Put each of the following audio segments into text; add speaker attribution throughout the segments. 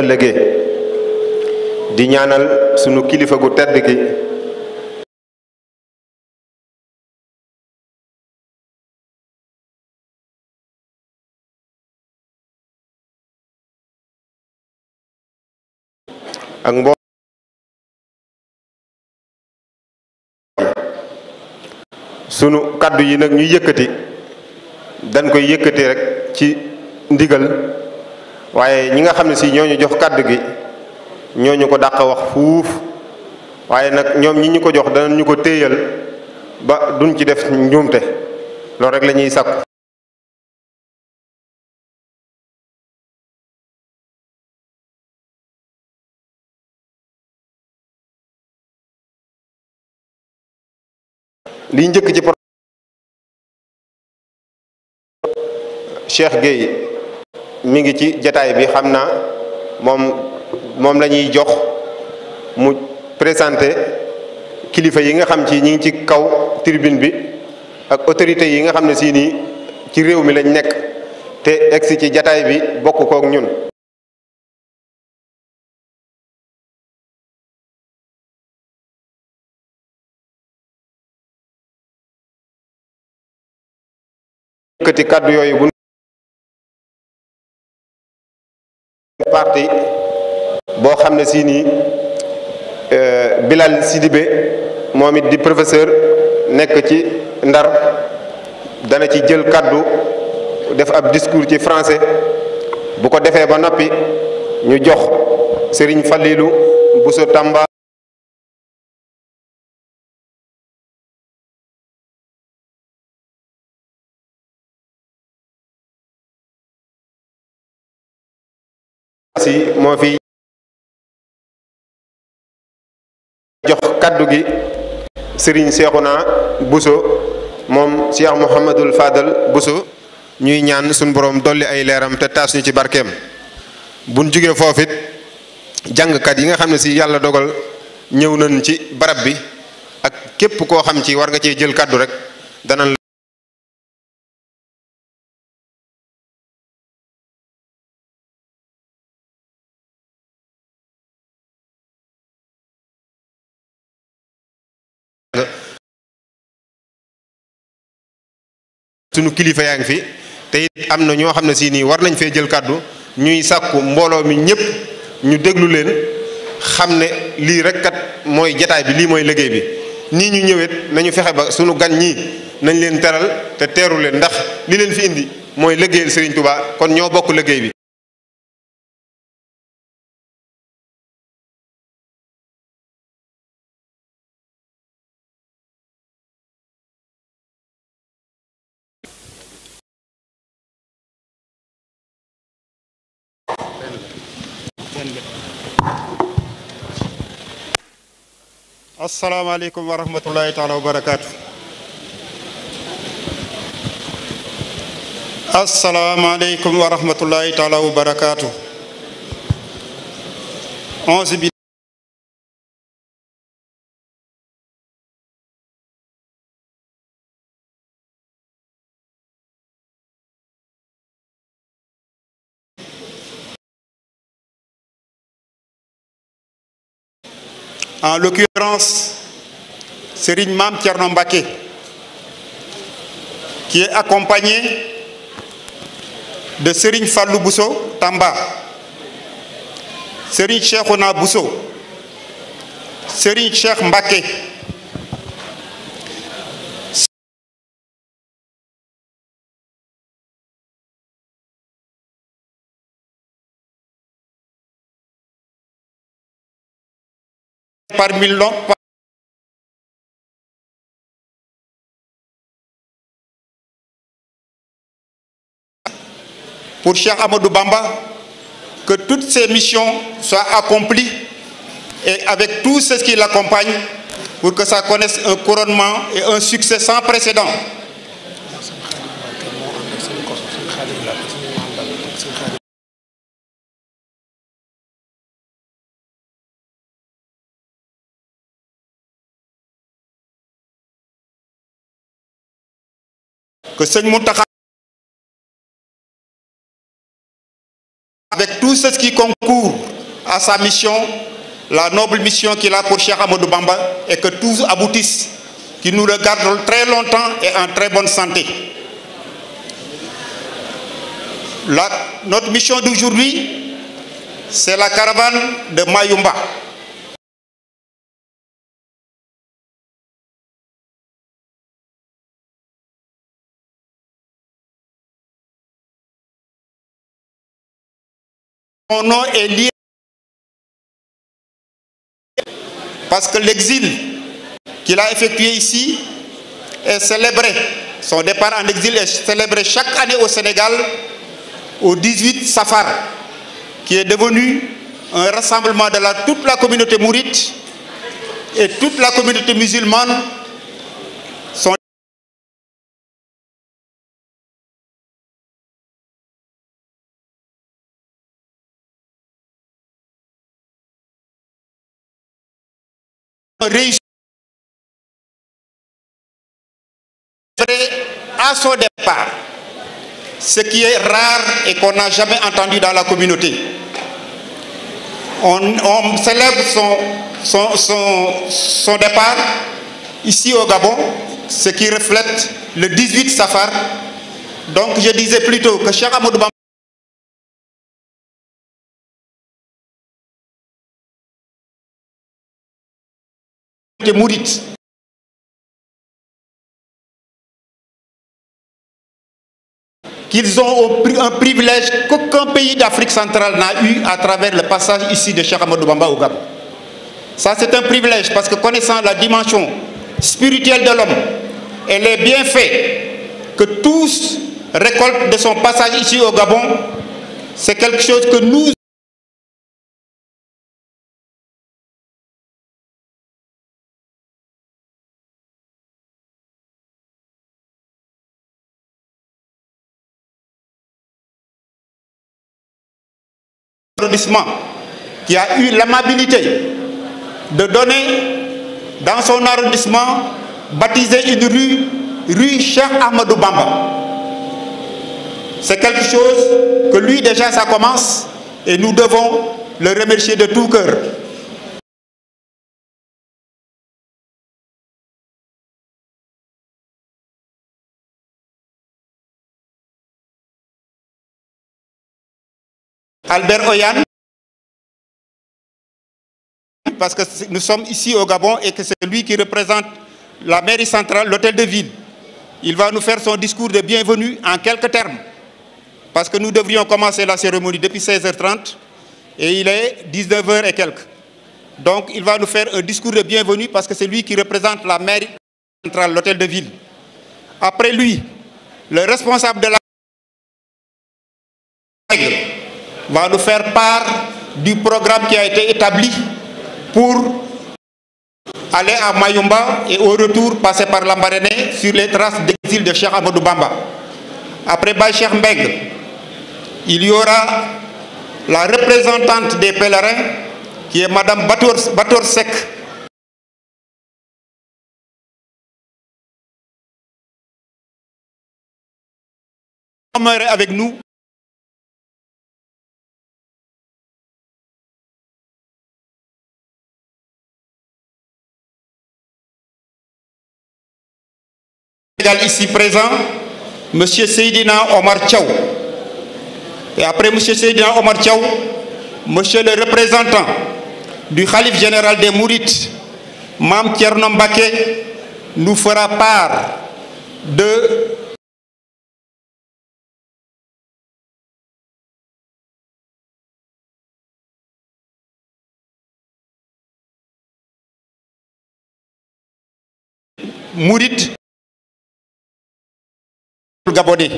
Speaker 1: ëllëgee di ñaanal sunu kilifa gu tedd gi ak mbo sunu kàddu yi nag ñu yëkkati
Speaker 2: dañ koy yëkkati rekk ci ndigal waaye ñi nga xam ne si ñoo ñu jox kàddu gi ñoo ñu ko dàq wax fuuf waaye nag ñoom ñi ñu ko jox
Speaker 1: danañ ñu ko téyal ba duñ ci def njuumte loolu rekk lañuy ñuy sàkku li njëkk ci Cheikh Gueye mi ngi ci jataay bi xam naa
Speaker 2: moom moom lañuy ñuy jox mu présenté kilifa yi nga xam ci ñi ngi ci kaw tribune bi ak autorité yi nga xam ne si nii
Speaker 1: ci réew mi lañ nekk te egsi ci jataay bi bokk kook ñun kàddu yooyu parti boo xam ne si nii euh, Bilal Sidibé
Speaker 2: moom it di professeur nekk ci Ndar dana ci jël kàddu def ab discours ci français bu ko defee ba noppi ñu jox
Speaker 1: Serigne Fallilou Bousso Tamba si moo fi jox kaddu gi sëriñ Seexuna Buso moom Cheikh Mouhamadul Fadal Buso
Speaker 2: ñuy ñaan suñ borom dolli ay leeram te taas ñu ci barkeem buñ jógee foofit jàngkat yi nga xam ne si yàlla dogal ñëw nañ ci barab bi
Speaker 1: ak képp koo xam ci war nga cee jël kàddu rek danañ suñu kilifa yaa ngi fi te am na ñoo xam ne si nii war nañ fee jël kàddu ñuy sàkku mbooloo mi ñëpp
Speaker 2: ñu déglu leen xam ne lii rekkat mooy jataay bi lii mooy liggéey bi nii ñu ñëwet nañu fexe ba suñu gan ñii nañ leen teral te teeru leen ndax li leen
Speaker 1: fi indi mooy liggéeyal Serigne Touba kon ñoo bokk liggéey bi.
Speaker 2: ngeen jëf asalaamaaleykum wa rahmatullahi taala wa barakaatu
Speaker 1: asalaamaaleykum wa rahmatullahi taala wa barakaatu en l'occurrence
Speaker 2: Serigne Mam Tierno Mbake, qui est accompagné de Serigne Fallou Bousso Tamba, Serigne Cheikh Ona Bousso, Serigne Cheikh Mbake,
Speaker 1: parmi l'autre pour Cheikh Amadou Bamba, que toutes ses missions
Speaker 2: soient accomplies et avec tout ce qui l'accompagne pour que ça connaisse un couronnement et un succès sans précédent.
Speaker 1: que sëñ Mountakha avec tous ceux qui concourent à sa mission la noble mission qu'il a pour Cheikh Amadou Bamba et que tout
Speaker 2: aboutisse qu'il nous regarde très longtemps et en très bonne santé la notre mission d'aujourd'hui c'est la
Speaker 1: caravane de Mayumba Mon nom est lié parce que l'exil
Speaker 2: qu'il a effectué ici est célébré. Son départ en exil est célébré chaque année au Sénégal au 18 Safar, qui est devenu un rassemblement de la, toute la communauté mourite et toute la communauté musulmane
Speaker 1: réussir à son
Speaker 2: ce qui est rare et qu'on n'a jamais entendu dans la communauté. On, on célèbre son, son, son, son départ
Speaker 1: ici au Gabon, ce qui reflète le 18 Safar. Donc je disais plutôt que Cheikh Amadou te murit qu'ils ont un privilège qu'aucun pays d'Afrique centrale n'a eu à travers le
Speaker 2: passage ici de Cheikh Amadou Bamba au Gabon. Ça, c'est un privilège parce que connaissant la dimension spirituelle de l'homme et les bienfaits que tous récoltent de son passage ici au Gabon,
Speaker 1: c'est quelque chose que nous Applaudissements qui a eu l'amabilité de donner dans son arrondissement
Speaker 2: baptisé une rue, rue Cheikh Ahmadou Bamba.
Speaker 1: C'est quelque chose que lui déjà ça commence et nous devons le remercier de tout cœur. Albert parce que nous sommes ici au Gabon et que c'est lui qui représente
Speaker 2: la mairie centrale, l'hôtel de ville. Il va nous faire son discours de bienvenue en quelques termes, parce que nous devrions commencer la cérémonie depuis 16h30 et il est 19h et quelques. Donc il va nous faire un discours de bienvenue parce que c'est lui qui représente la mairie centrale, l'hôtel de ville. Après lui, le responsable de la va nous faire part du programme qui a été établi pour aller à Mayumba et au retour passer par Lambaréné sur les traces d'exil de Cheikh Amadou Bamba. Après Baye Cheikh Mbeg, il y aura la représentante des
Speaker 1: pèlerins qui est Madame Bator, Bator Sek. avec nous Sénégal ici présent, M. Seydina
Speaker 2: Omar Tchou. Et après M. Seydina Omar Tchou, M. le représentant du Khalif général des Mourites, Mam Tchernom
Speaker 1: nous fera part de Mourit Gabonais.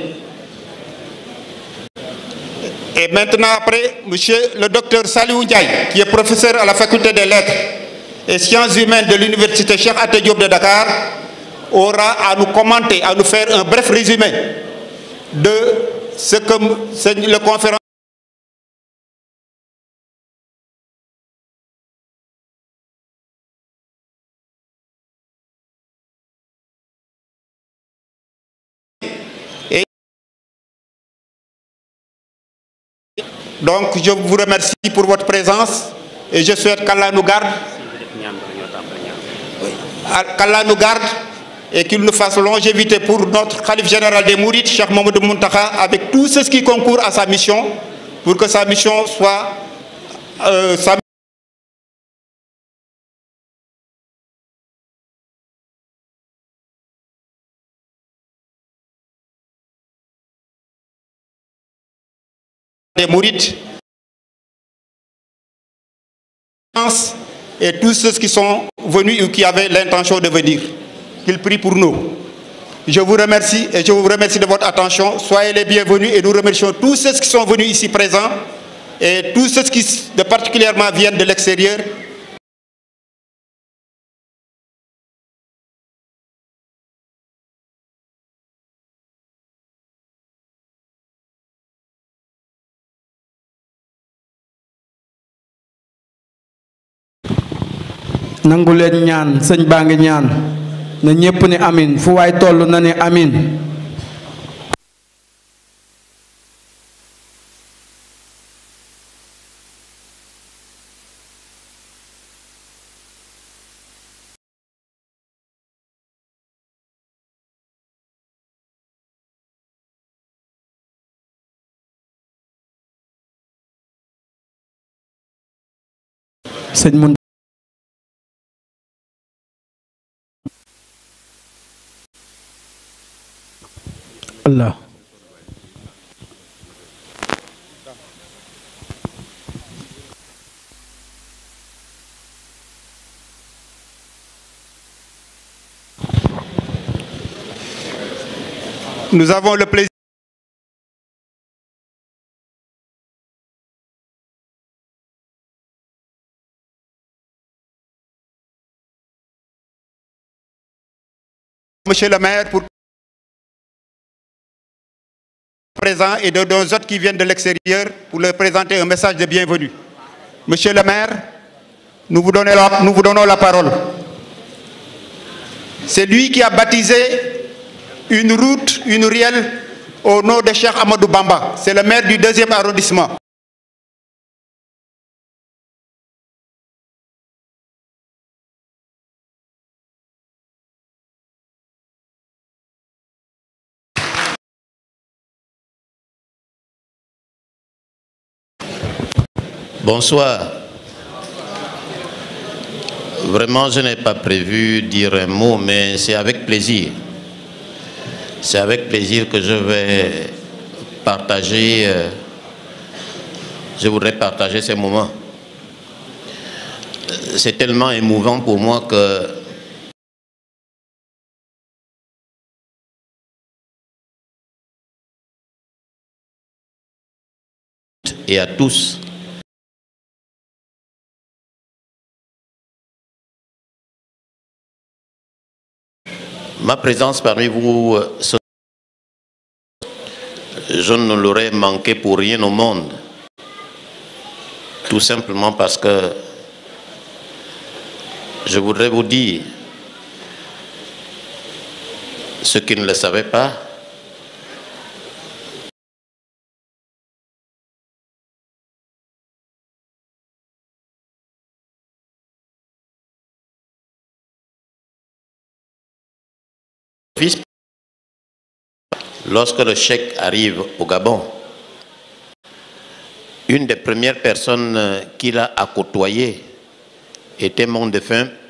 Speaker 2: Et maintenant, après, monsieur le docteur Saliou Ndiaye, qui est professeur à la faculté des lettres et sciences humaines de l'université Cheikh Anta Diop de Dakar, aura à nous commenter, à nous faire un bref résumé de
Speaker 1: ce que le conférence donc je vous remercie pour votre
Speaker 2: présence et je souhaite qu'Allah nous garde qu'Allah nous garde et qu'il nous fasse longévité pour notre khalife général des Mourides Cheikh Mamadou Mountakha
Speaker 1: avec tous ceux qui concourent à sa mission pour que sa mission soit euh, sa les mourides, et tous ceux qui sont venus qui avaient l'intention de venir,
Speaker 2: qu'ils prient pour nous. Je vous remercie et je vous remercie de votre attention. Soyez les bienvenus et nous remercions tous ceux qui sont venus ici présents et tous ceux qui de particulièrement viennent de l'extérieur
Speaker 1: nangu leen ñaan sëñ baa ngi ñaan
Speaker 3: na ñépp ni amin fu waay toll na ni amin
Speaker 1: sëñ mun Nous avons le plaisir Monsieur le maire, pour présent et de nos autres présenter un message de bienvenue.
Speaker 2: Monsieur le maire, nous vous donnons la parole. C'est lui qui a baptisé une route, une rielle au nom de
Speaker 1: Cheikh Amadou Bamba. C'est le maire du deuxième arrondissement.
Speaker 4: mais c'est avec plaisir. C'est avec plaisir que je vais partager, euh, je voudrais partager ces moments.
Speaker 1: C'est tellement émouvant pour moi que et à tous Ma présence parmi vous ce
Speaker 4: je ne l'aurais manqué pour rien au monde. Tout simplement parce que je voudrais vous dire,
Speaker 1: ceux qui ne le savaient pas, vice Lorsque le chèque arrive
Speaker 4: au Gabon, une des premières personnes euh, qu'il a à côtoyer était mon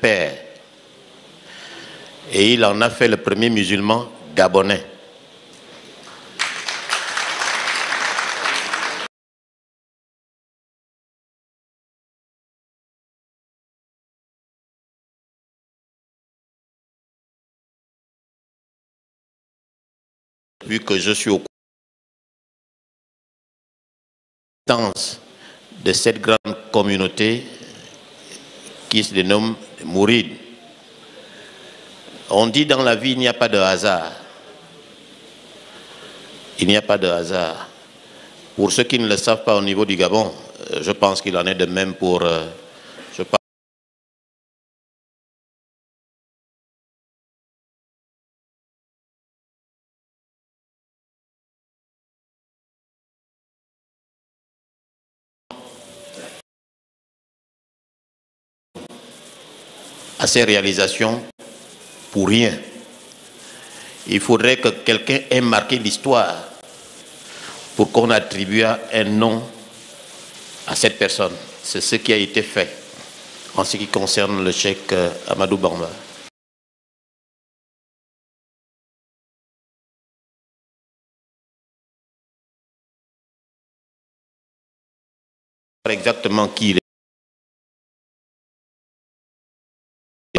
Speaker 4: père. Et il en a fait le premier musulman gabonais.
Speaker 1: depuis que de cette grande
Speaker 4: communauté qui se dénomme Mouride. On dit dans la vie, il n'y a pas de hasard. Il n'y a pas de hasard. Pour ceux qui ne le savent pas au niveau du Gabon, euh, je pense qu'il en est de même
Speaker 1: pour euh, ces réalisations
Speaker 4: pour rien. Il faudrait que quelqu'un ait marqué l'histoire pour qu'on attribue un nom à cette personne. C'est ce
Speaker 1: qui a été fait en ce qui concerne le chèque euh, Amadou Bamba.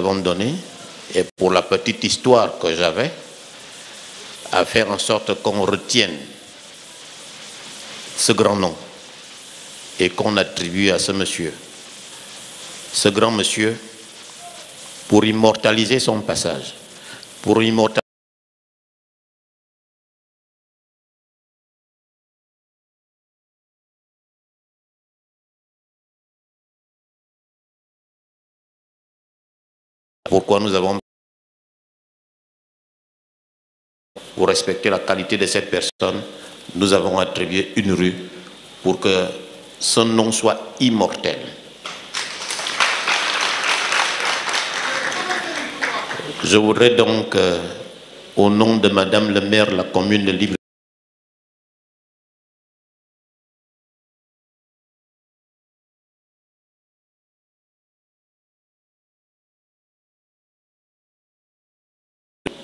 Speaker 1: avons et pour la petite histoire que j'avais, à faire en sorte qu'on retienne
Speaker 4: ce grand nom et qu'on attribue à ce monsieur. Ce grand monsieur, pour immortaliser son passage,
Speaker 1: pourquoi pour respecter la qualité de cette personne,
Speaker 4: nous avons attribué une rue pour que son nom soit immortel. Je
Speaker 1: voudrais donc, euh, au nom de Madame le maire la commune de Livre,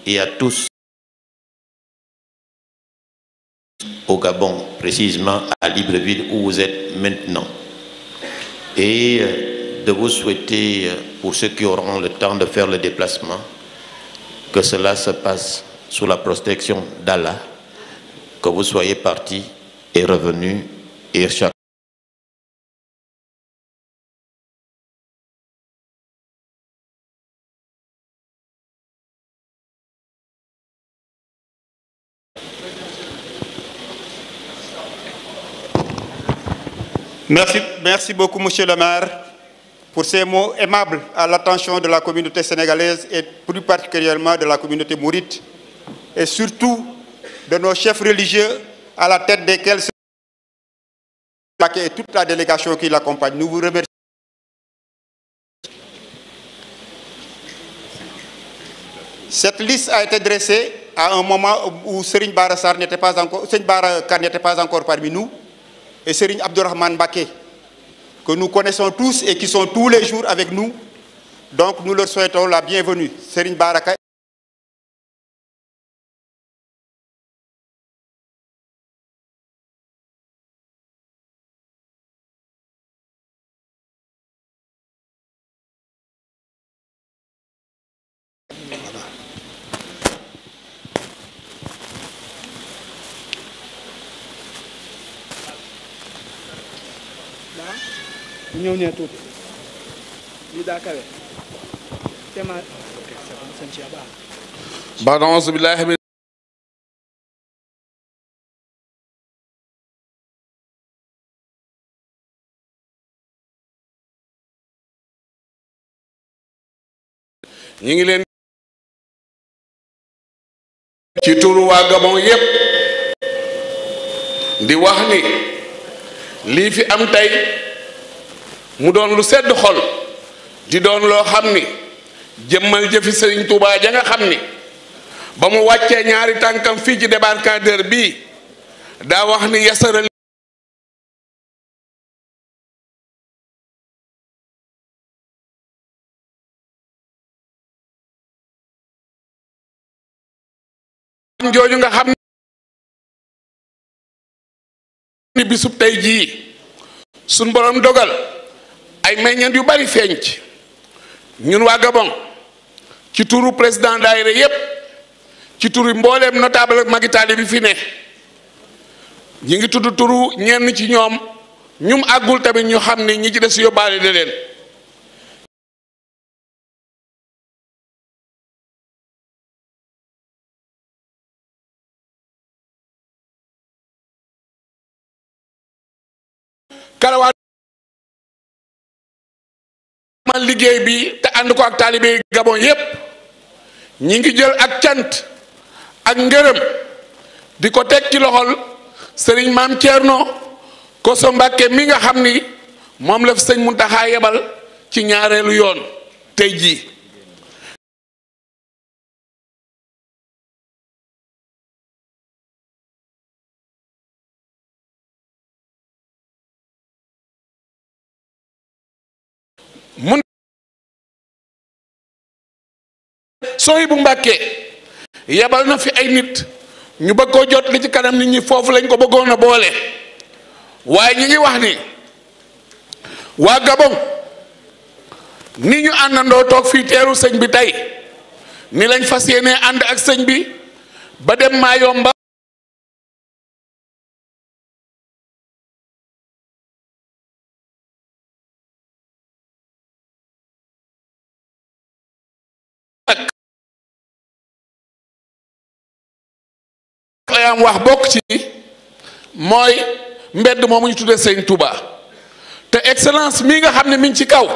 Speaker 1: et à tous au Gabon, précisément à Libreville où vous êtes maintenant.
Speaker 4: Et euh, de vous souhaiter, euh, pour ceux qui auront le temps de faire le déplacement, que cela se passe sous la protection d'Allah, que vous soyez
Speaker 1: partis et revenus et chacun.
Speaker 2: Merci, merci beaucoup, Monsieur le maire, pour ces mots aimables à l'attention de la communauté sénégalaise et plus particulièrement de la communauté mourite, et surtout de nos chefs religieux à la tête desquels se et toute la délégation qui l'accompagne. Nous vous remercions. Cette liste a à un moment où Serigne Bara Sarr n'était pas encore, Serigne Bara Kane n'était pas encore parmi nous. et Serigne Abdourahman Baké, que nous connaissons
Speaker 1: tous et qui sont tous les jours avec nous. Donc nous leur souhaitons la bienvenue. Serigne Baraka ñëw ñëw tuuti lii ngi leen ci turu waa Gabon yépp
Speaker 3: di wax ni lii fi am tey mu doon lu sedd xol di doon loo xam ni jëmmal jëfi sëriñ Touba ja nga
Speaker 1: xam ni ba mu wàccee ñaari tànkam fii ci débarcadère bi
Speaker 4: daa wax ni yasaral
Speaker 1: jooju nga xam ni bisub tey jii suñ borom dogal
Speaker 3: ay meññeent yu bari feeñ ñun waa Gabon ci turu président daayira yépp ci turu mbooleem notable ak magi bi fi ne
Speaker 1: ñi ngi tudd turu ñenn ci ñoom ñum àggul tamit ñu xam ni ñi ci des yóbbaale de leen man liggéey bi te ànd ko ak taalibe Gabon yépp
Speaker 3: ñi ngi jël ak cant ak ngërëm di ko teg ci loxol sëriñ maam Thierno Koso Mbàkke mi nga xam ni moom la fi mu Muntaxa
Speaker 1: yebal ci ñaareelu yoon tey jii mun bu Mbacké yebal na fi ay nit ñu bëgg koo jot li ci kanam nit ñi foofu lañ ko
Speaker 3: bëggoon a boole waaye ñi ngi wax ni waa Gabon ni ñu àndandoo toog fii teeru sëñ bi tey ni lañ
Speaker 1: fas yéenee ànd ak sëñ bi ba dem Mayomba am wax bokk ci mooy mbedd moomu ñu tuddee Sëñ Touba te excellence mii nga xam ne
Speaker 3: mi ci kaw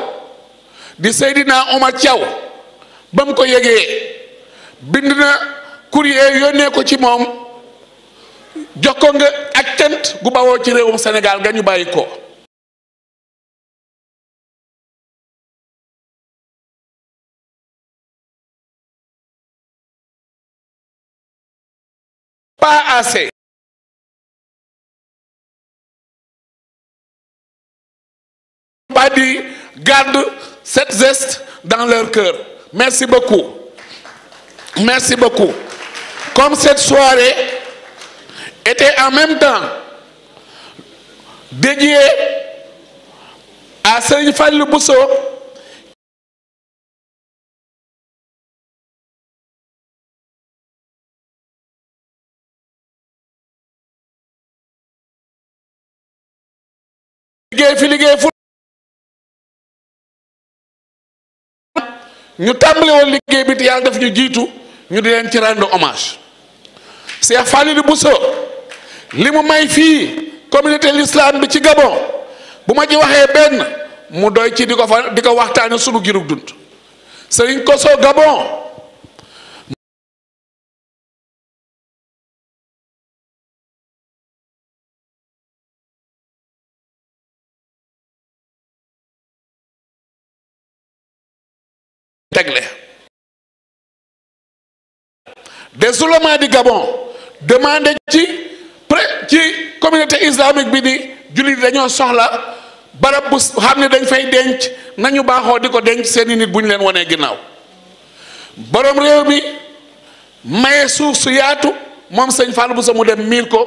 Speaker 3: di Seydina Omar Thiaw ba mu ko yëgee bind na courrier yónnee ko ci moom jox ko nga
Speaker 1: ak cant gu bawoo ci réewum Sénégal nga ñu bàyyi ko. pas assez. Pas dit, garde cette zeste dans leur cœur. Merci beaucoup.
Speaker 3: Merci beaucoup. Comme cette soirée était en même
Speaker 1: temps dédiée à Serigne Fallou Bousso liggéey fi liggéey fu ñu tàmbali liggéey bi te yàlla def ñu jiitu
Speaker 3: ñu di leen ci rendre hommage Cheikh Falilou Bousso li mu may fii communauté l'islam bi ci Gabon bu ma ci waxee benn mu doy
Speaker 1: ci di ko fa di ko waxtaane sunu girug dund Serigne Koso Gabon tegle désolement du Gabon demandé ci pré ci
Speaker 3: communauté islamique bi di jullit dañoo soxla barab bu xam ne dañ fay denc nañu baaxoo di ko denc seeni nit buñ leen wanee ginnaaw borom réew mi
Speaker 1: maye suuf su yaatu moom sëñ Fallou bu sa mu dem miir ko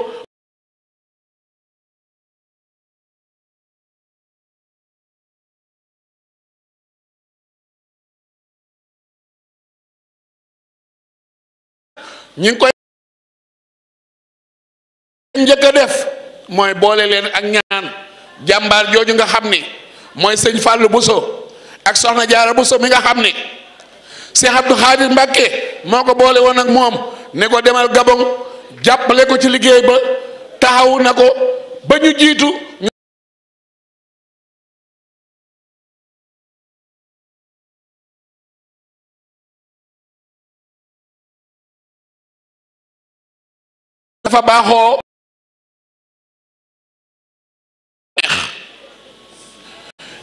Speaker 1: ñi ngi koy njëkk def mooy boole leen ak ñaan jàmbaar jooju nga xam ni mooy sëñ
Speaker 3: Fallou Bousso ak soxna Jaara Bousso mi nga xam ne Cheikh Abdou Khadir Mbacke moo ko boole woon ak moom ne ko demal Gabon jàppale ko ci liggéey ba
Speaker 1: taxawu na ko ba ñu jiitu dafa baaxoo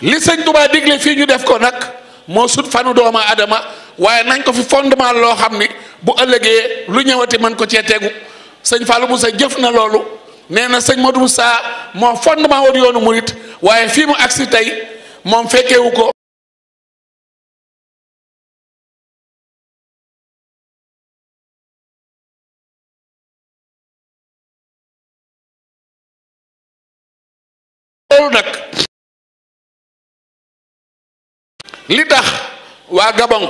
Speaker 1: li sëñ
Speaker 3: Tuubaa digle fii ñu def ko nag moo sut fanu doomu aadama waaye nañ ko fi fondement loo xam ni bu ëllëgee lu ñëwati mën ko cee tegu sëñ Fallou Moussa jëf na loolu
Speaker 1: nee na sëñ Modou saa moo fondement woon yoonu mu it waaye fii mu agsi tey moom fekkewu ko li tax waa Gabon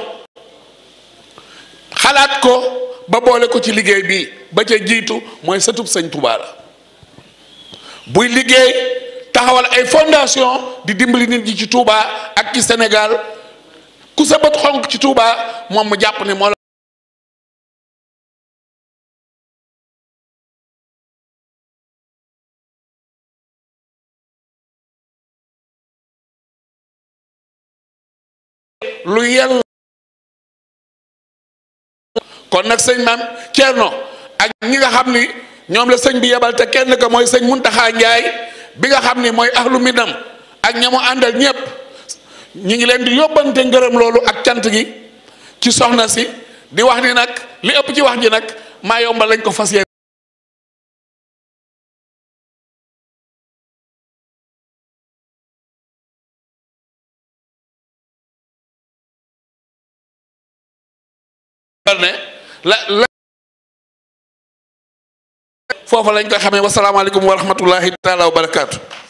Speaker 3: xalaat ko ba boole ko ci liggéey bi ba ca jiitu mooy sëtub sëñ Touba la buy liggéey taxawal ay fondation di dimbali nit ñi ci Touba
Speaker 1: ak ci Sénégal ku sa bët xonk ci Touba moom mu jàpp ne moo lu yàlla kon nag sëñ maam Thierno ak ñi nga xam ni ñoom la sëñ bi yebal te kenn
Speaker 3: ko mooy sëñ Muntaxa Njaay bi nga xam ni mooy ahlu minam ak ñamu àndal ñépp ñi ngi leen di yóbbante ngërëm loolu ak cant gi ci soxna si di wax
Speaker 1: ni nag li ëpp ci wax ji nag maa yombal lañ ko fas yéene la la foofa lañ ko xamee wasalaamaaleykum
Speaker 3: wa rahmatullahi taala wa barakaatu